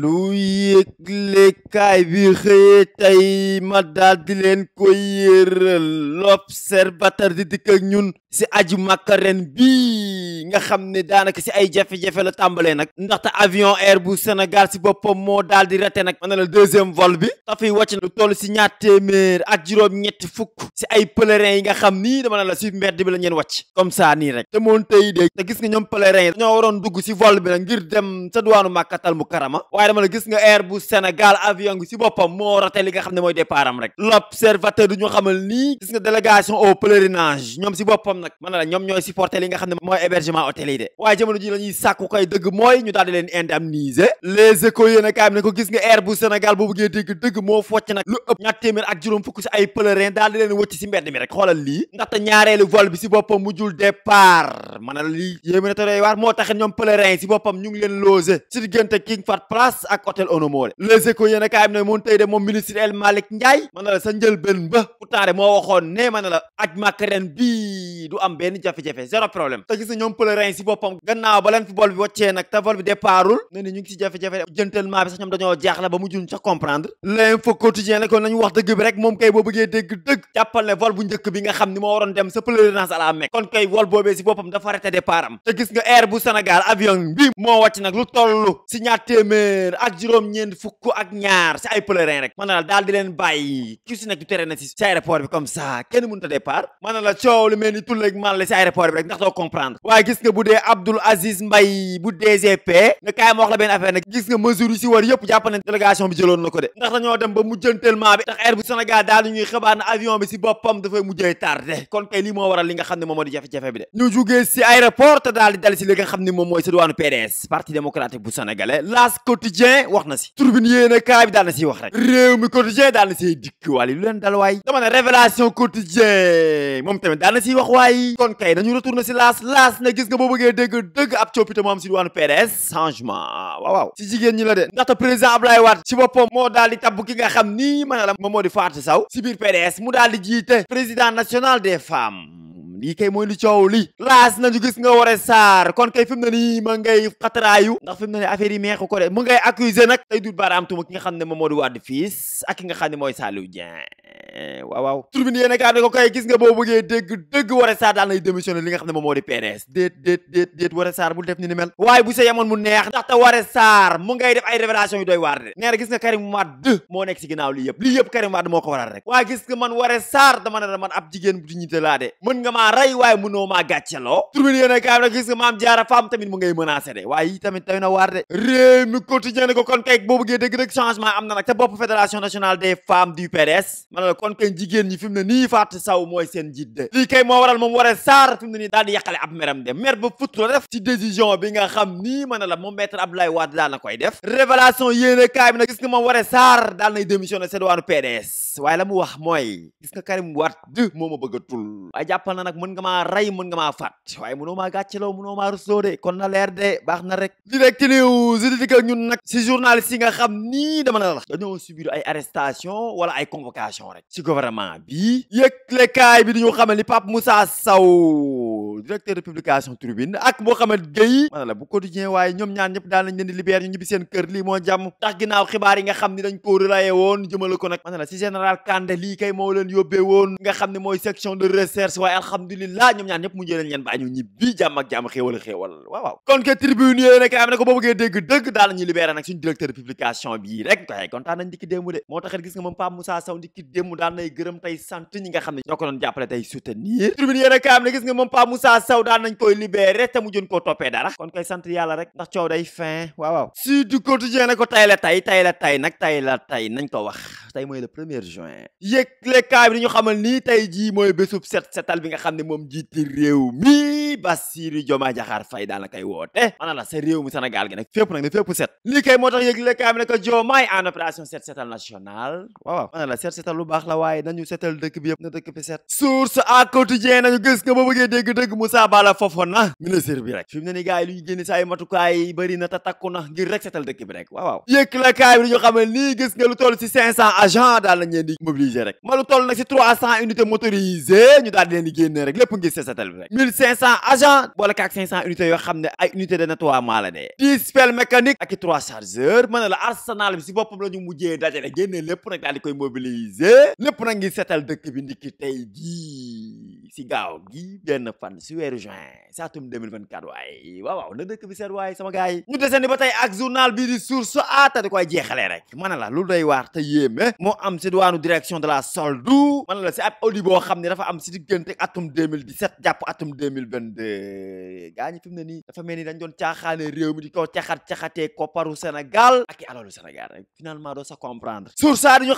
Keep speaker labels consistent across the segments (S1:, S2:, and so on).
S1: lu yëglekaay bi xëyee tey ma daal di leen ko yéeral batar di dikk ak ñun si aju màkka ren bii nga xam ne daanaka si ay jafe-jafe la tàmbalee nag ndaxte avion air bu Sénégal si boppam moo daal di rate nag mën na la deuxième vol bi tafiy wàcc na lu si ñaar téeméer ak juróom ñetti fukk si ay pèlerins yi nga xam nii dama ne la si mbedd bi la ñeen wàcc comme ça nii rek te moon tey de te gis nga ñoom pèlerins yi ñoo waroon dugg si vol bi nag ngir dem sa duwaanu màkkatal mu karama waaye dama la gis nga air bu Sénégal avion bi si boppam moo rate li nga xam ne mooy départam rek l'observateur du ñu nag mën na la ñoom ñooy supporter li nga xam ne mooy hébergement hôtel de waaye jamono ji la ñuy sàkku koy dëgg mooy ñu daal di leen indemniser les échos yéen a kaay bi ne ak juróom fukk si ay pèlerin daal di leen wëcc si mbedd mi rek xoolal lii ndaxte ñaareelu vol bi si boppam mujjul départ mën na la waar moo taxit ñoom pèlerin si boppam ñu leen logé si diggante King Fahd Place ak hôtel Onomoore les échos yéen a kaay ne moom tey de moom ministre El du am benn jafe-jafe zéro problème te gis na ñoom pèlerin si boppam gannaaw ba leen fi vol bi wàccee nag te vol bi départul ne ni ñu ngi jafe-jafe rek moom kay boo bëggee dégg dëgg jàppal ne vol bu njëkk bi nga xam ni moo waroon dem sa pèlerinage à la Mecque kon kay vol boobee si boppam dafa arrêté départ am te gis nga air bu Sénégal avion bi moo wàcc nag lu toll si ñaar téeméer ak juróom-ñeent fukk ak ñaar si ay pèlerin rek man na a départ man na la coow lu mel ni tulle rek man si aéroport bi rek ndax waaye gis nga bu dee Abdoul Aziz Mbaye bu DGP ne kaay ma wax la benn affaire nag gis nga mesure si war yëpp jàpp ne délégation bi jëloon na de ndax dañoo dem ba mujjantellement bi ndax bi si boppam bi de daal di xam ne moom mooy si duwaanu PDS parti démocratique bu sénégalais L'As quotidien wax na si turbine yéene kaay bi daal na siy wax rek réew mi daal na siy dikk wàll lu leen dal waay dama ne bàyyi kon kay dañu retourné si laas laas ne gis nga boo bëggee dégg dëgg ab coppite moo am si diwaanu PDS changement waaw waaw si jigéen ñi la de ndaxte président Abdoulaye Wade si boppam moo daal di tabb ki nga xam ni ma ne la moom moo di Fatou Sow si biir PDS mu daal di jiite président national des femmes lii kay mooy li coow li laas nañu gis nga war a saar kon kay fi mu ne nii ma ngay xataraayu ndax fi mu ne affaire yi meexu ko de mu ngay accusé nag tey dut baaraam tuma moom moo di Wade fils ak ki nga xam ne mooy Saliou Dieng waaw turbine yéen kaar ne ko kay gis nga boo bëggee dégg dégg Woré daal nay démissionné li nga xam ne moom di PDS déet déet déet déet bul def ni ni waaye bu sa yemoon mu neex ndaxte Woré Sarr mu ngay def ay révélation yu doy waar de nee na gis nga Karim Wade moo nekk si ginnaaw lii yëpp lii yëpp Karim Wade moo ko waral rek waaye gis nga man Woré Sarr dama ne la man ab jigéen bu dignité laa de mën nga maa rey waaye mënoo maa gàcceloo turbine yéen kaar ne gis na waar de réew mi na nag te jigéen ñi fi mu ne nii Fatou Sow mooy seen njiit de lii kay moo waral moom Woré Sarr fi mu ne nii daal di yàqale ab meram de mer ba fut la def ci décision bi nga nii mën na la moom maître Abdoulaye Wade daal na koy def révélation yéene kaay bi nag gis nga moom Woré Sarr daal nay démissionné seen waanu PDS waaye la mu wax mooy gis nga Karim Wade moo ma bëgg a tul waaye jàppal nag mën nga maa rey mën nga maa fàtt waaye mënoo maa gàcceloo mënoo maa rusloo de kon na leer de baax na rek direct gouvernement bi yëgle kaay bi di ñu xamal ni Pape Moussa Sow directeur de Tribune ak Mouhamed Gueye mana la bu quotidien waaye ñoom ñaar ñëpp daal nañ leen di ñoom ñaar ñëpp mu njëleen leen baa ñu ñibbi jàmm ak jàmm kon que Tribune yéen a kaay ne ko boo bëggee dégg dëgg daal nañuy libéré nag suñu directeur de publication bii rek waaye kontaan nañ dikki démb de moo tax gis nga moom Pape Moussa Sow dikki daal nay gërëm tey sant nga xam ne ñoo ko doon jàppale Tribune yéen a Oustaz Sow daan nañ koy libéré te mu jën dara kon koy sant rek ndax coow fin waaw waaw si du ko tay la tay tay la tay nag tay la tay nañ ko wax tey mooy le premier juin yëglekaay bi ñu xamal nii tey jii mooy bésub set setal bi nga xam ne moom jiiti réew mi Bassirou Diomaye Diakhar Faye daal na koy woote ana la sa réew mi gi nag fépp nag ne fépp set lii kay moo tax yëglekaay bi ne ko Diomaye en opération set setal national waaw ana set lu baax la waaye nañu setal dëkk bi yëpp na dëkk bi dëgg Moussa Bala Fofana na ministre bi rek fi mu ni gars lu ñu génn saa matukaay bëri na te takku na ngir rek setal dëkk bi rek waaw waaw kaay bi dañu xamal nii gis nga lu toll si cinq cent agent daal lañ leen di mobiliser rek ma lu toll nag si trois cent unités motorisées ñu daal di leen di génne rek lépp ngir se bi rek mille cinq cent agent boole kaak cinq cent unités yoo xam ne ay unité de nettoiement la dee dix pelle mécanique ak i trois chargeurs mën na la arsenal bi si boppam la ñu mujjee dajale génne lépp nag daal di koy mobiliser lépp nag ngir setal dëkk bi ndiki tey si gaaw gi benn fan si weeru juin si atum 2024 waaye waaw waaw na dëkk bi seet waaye sama gars yi ñu desandi ba tey ak journal bii di source a tadi koy jeexalee rek mana la lu doy waar te yéeme moo am si duwaanu direction de la soldu mana la si ab audit boo xam ne dafa am si diggante atum 2017 jàpp atum 2022 gaa ñi fi mu ne nii dafa mel ni dañ doon caaxaane réew mi di ko caxat-caxatee kopparu Sénégal ak i alalu Sénégal rek sa comprendre source a di ñu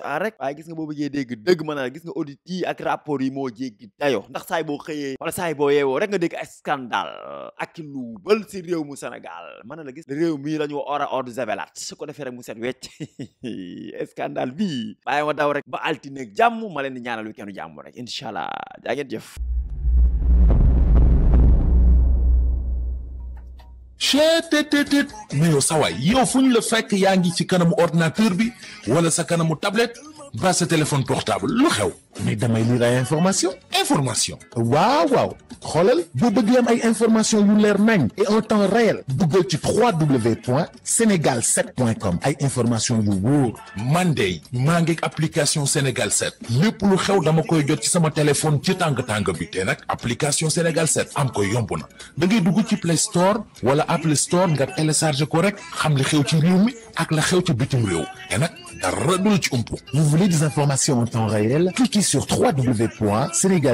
S1: a rek waaye gis nga boobu bëggee dégg dëgg mën naa gis nga audit yi ak rapport yi moo jéggi dayo ndax saay boo xëyee wala saay boo yeewoo rek nga dégg ay scandale ak lu bël si réew mu senegal mën na la gis réew mii la ñu or a ordre zevelat su ko defee rek mu set wecc scandale bii bàyyi ma daw rek ba altine ak jàmm ma leen di ñaanal kenu end jàmm rek incha allah jaa ngeen cheet tet tet mais yow sawaay yow fu ñu la fekk yaa ngi ci kanamu ordinateur bi wala sa kanamu tablette ba sa téléphone portable lu xew mais damay lire ay information information waaw waaw xoolal boo bëgg am ay information yu leer nañ e en temps réel duggal ci w sénégal 7 com ay information yu wóor man de maa ngi application sénégal 7 lépp lu xew dama koy jot ci sama téléphone ci tàng tàng bit te nag application sénégal 7 am ko yomb na da ngay dugg ci play store wala apple store nga télécharge ko rek xam li xew ci réew mi ak la xew ci bitim réew te dara dul ci umpu vous voulez des informations en temps réel cliquez